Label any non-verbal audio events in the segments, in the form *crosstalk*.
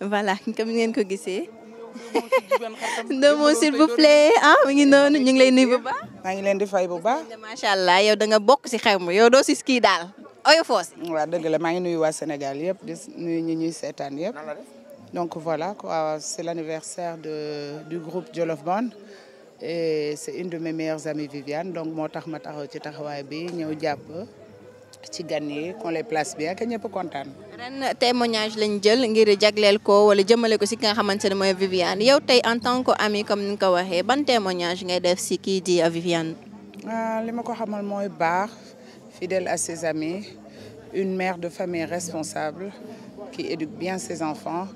voilà comme ngeen ko gisee. deux mots *laughs* s'il vous plaît ah ngi noonu ñu ngi lay nuyu maa ngi leen di fay bu baax. macha allah yow da nga bokk si xew ma yow doo si kii daal oyo foos. waaw dëgg la maa ngi nuyu waa Sénégal yëpp di nuy ñi ñuy seetaan yëpp. donc voilà quoi c'est l'anniversaire de du groupe Jolof Band et c'est une de mes meilleures amies Viviane donc moo tax ma taxaw ci taxawaay bi ñëw jàpp. ci gan yi qu'on les place bien que ñëpp kontaan. ren témoignage lañ jël ngir jagleel ko wala jëmale ko si ki nga xamante ne mooy Viviane yow tey en tant que ami comme ni nga ko waxee ban témoignage ngay def si kii di Viviane. Ah, li ma ko xamal mooy baax fidèle à ses amis une mère de famille responsable qui éduque bien ses enfants.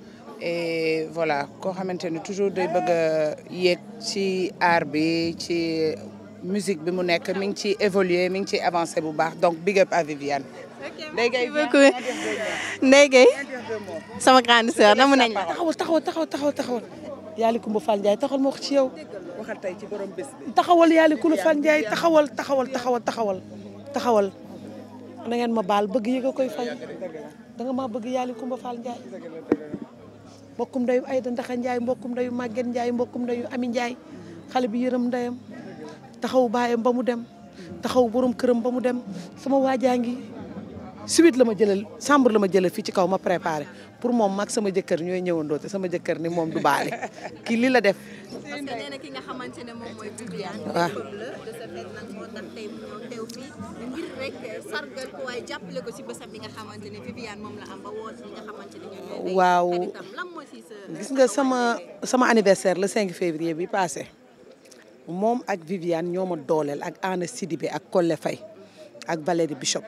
et voilà koo xamante ne toujours day bëgg a ci aar bi musique bi mu nekk mi ngi ciy évoluer mi ngi ciy avancer bu baax donc big up à Viviane. Ndeye Gueye Ndeye Gueye sama grande sœur namu nañ la. taxawal taxawal taxawal taxawal taxawal. Yaali Kumba Fall Ndiaye taxawal tey ci borom taxawal Yaali Kumba Fall taxawal taxawal taxawal taxawal taxawal. na ngeen ma baal bëgg yi nga koy fay danga maa bëgg Yaali Kumba Fall Ndiaye. mbokkum ay Ayda Ndaxa Ndiaye mbokkum ndeyu Maguette Ndiaye mbokkum ndeyu Ami Ndiaye xale bi yërëm ndayam taxaw baayam ba mu dem taxaw borom këram ba mu dem sama waajaa ngi suite la ma jëlal chambre la ma jëlal fii ci kaw ma préparé pour moom mag sama jëkkër ñooy ñëwandoo te sama jëkkër ni moom du baale kii lii la def. parce ne moom ko waaye jàppale si nga am ba gis nga sama sama anniversaire la 5 février bi paase moom ak Viviane ñoo ma dooleel ak Anna bi ak Collé Faye ak Valérie Bishop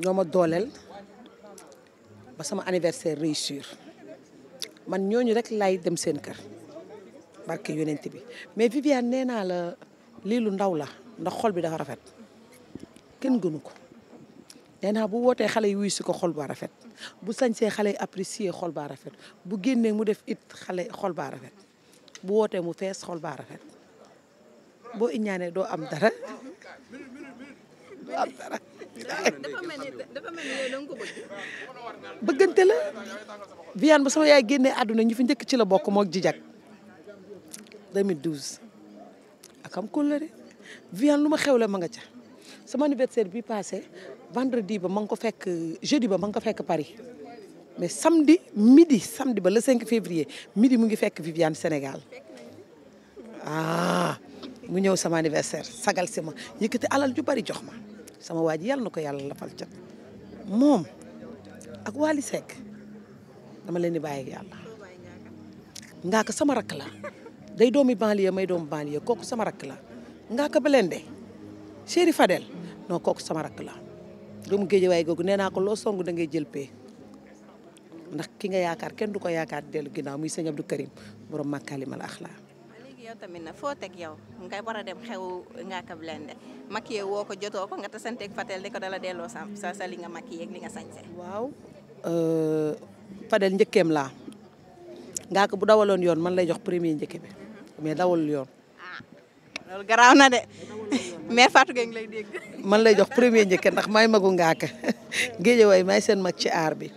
ñoo ma dooleel ba sama anniversaire réussir man ñooñu rek lay dem seen kër barke yonent bi mais Viviane nee naa la lii lu ndaw la ndax xol bi dafa rafet kenn gënu ko nee naa bu wootee xale yu wuy si ko xol baa rafet bu sañsee xale yi apprécier xol baa rafet bu génnee mu def it xale xol baa rafet bu wootee mu fees xol baa rafet boo iñaanee doo am dara doo am la. Viviane bu sama yaay génnee àdduna ñi fi njëkk ci la bokk moog Jijak 2012 ak am kóllëre Viviane lu ma la ma nga ca sama anniversaire bi passé vendredi ba ma ngi ko fekk jeudi ba ma ngi ko fekk Paris mais samedi midi samedi ba le 5 février midi mu ngi fekk Viviane Sénégal ah. mu ñëw sama anniversaire sagal si ma yëkkati alal ju bari jox ma sama waa ji yàlla na ko yàlla lafal cat moom ak Wally Seck dama leen di bàyyi yàlla ngaa ko sama rakk la day doomi banlieue may doomu banlieue kooku sama rakk la ngaa ko ba leen de chéri Fadel noo kooku sama rakk la doomu géejawaay googu nee naa ko loo song da ngay jël pee ndax ki nga yaakaar kenn du ko yaakaar dellu ginnaaw muy sëñ Abdou Karim borom màkkaalimal axlaa yow tamit na foo teg yow nga war a dem xew Ngaaka Blindé maquillé woo ko jotoo ko nga tasanteeg Fadel di ko dala delloo sa sa li nga maquillé ak li nga sañse waaw euh, Fadel njëkkeem laa Ngaaka bu dawaloon yoon man lay jox premier njëkk bi mais dawalul yoon. Ah, loolu garaaw na de man lay jox premier njëkke ndax may magu Ngaaka Guédiawaye may seen ma ci aar bi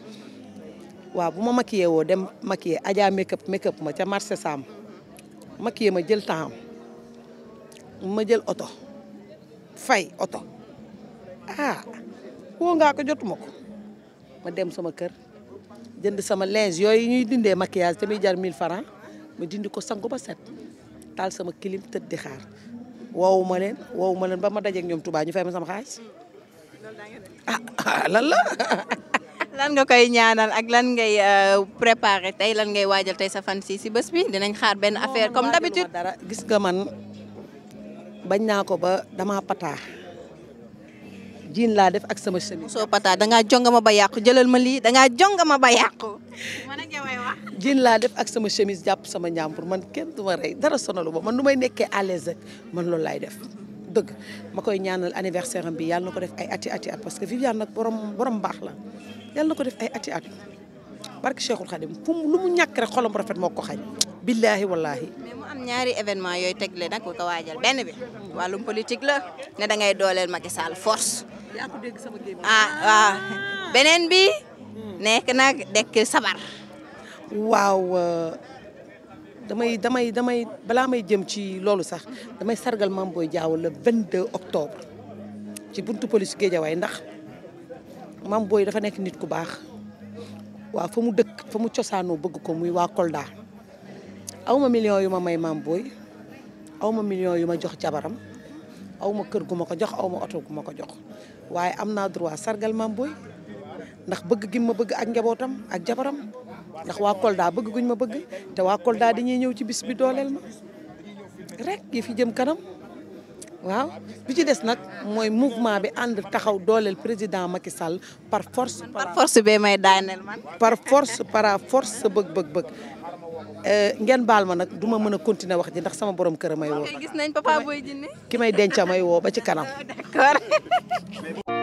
waaw bu ma maquillé woo dem maquillé Adja make up make ma ca marché Sam. Macky ma jël temps ma jël oto fay oto ah woo ngaa ko jotuma ko ma dem sama kër jënd sama linge yooyu ñuy dindee maquillage te muy jar 1000 francs ma dindi ko sangu ba set taal sama kilim tëdd di xaar woowu ma leen woowu ma leen ba ma dajeeg ñoom Touba ñu fay ma sama xaalis ah, ah *laughs* lan nga koy ñaanal ak lan ngay euh, préparer tey lan ngay waajal tey sa fan si si bés bi dinañ xaar benn affaire comme d'habitude dara gis nga man bañ naa ko ba dama pataa jiin laa def ak sama chemise. soo pataa dangaa jongama ba yàqu jëlal ma lii dangaa jongama ba yàqu. man ak yow jiin laa def ak sama chemise jàpp sama njàmbur man kenn du rey dara sonalu ma man nu may nekkee à l'aise man loolu laay def. dëgg ma koy ñaanal anniversaire am bi na ko def ay ati at parce que Viviane nag borom borom la yàlla na ko def ay ati at barke Cheikhul Khadim mu lu mu ñàkk rek moo ko xañ billaahi wallaahi. mais mu am ñaari événement yooyu tegle nag bu ko waajal benn bi wàllum politique la ne da ngay dooleel Macky Sall force. yaa ko dégg sama ah waaw beneen bi. nekk nag dekk sabar. waaw. Euh, damay damay damay balaa may jëm ci loolu sax damay sargal Mame Boye Diao le 22 octobre ci buntu police Guédiawaye ndax Mame Boye dafa nekk nit ku baax waaw fa mu dëkk fa mu cosaanoo bëgg ko muy waa Kolda aw ma million yu ma may Mame Boye aw ma million yu ma jox jabaram aw ma kër gu ma ko jox aw ma oto gu ma ko jox waaye am naa droit sargal Mame ndax bëgg gi ma bëgg ak njabootam ak jabaram ndax waa Kolda bëgg guñ ma bëgg te waa Kolda dañuy ñëw ci bis bi dooleel ma rek yi fi jëm kanam waaw bi ci des nag mooy mouvement bi ànd taxaw dooleel président Macky Sall par force. par force bee may daaneel par force par force sa bëgg bëgg bëgg. Euh, ngeen baal ma nag du ma mën a continuer wax ji ndax sama borom kër may woo. gis nañ papa Boy Djiné. ki may denc may woo ba ci kanam. *laughs* *laughs*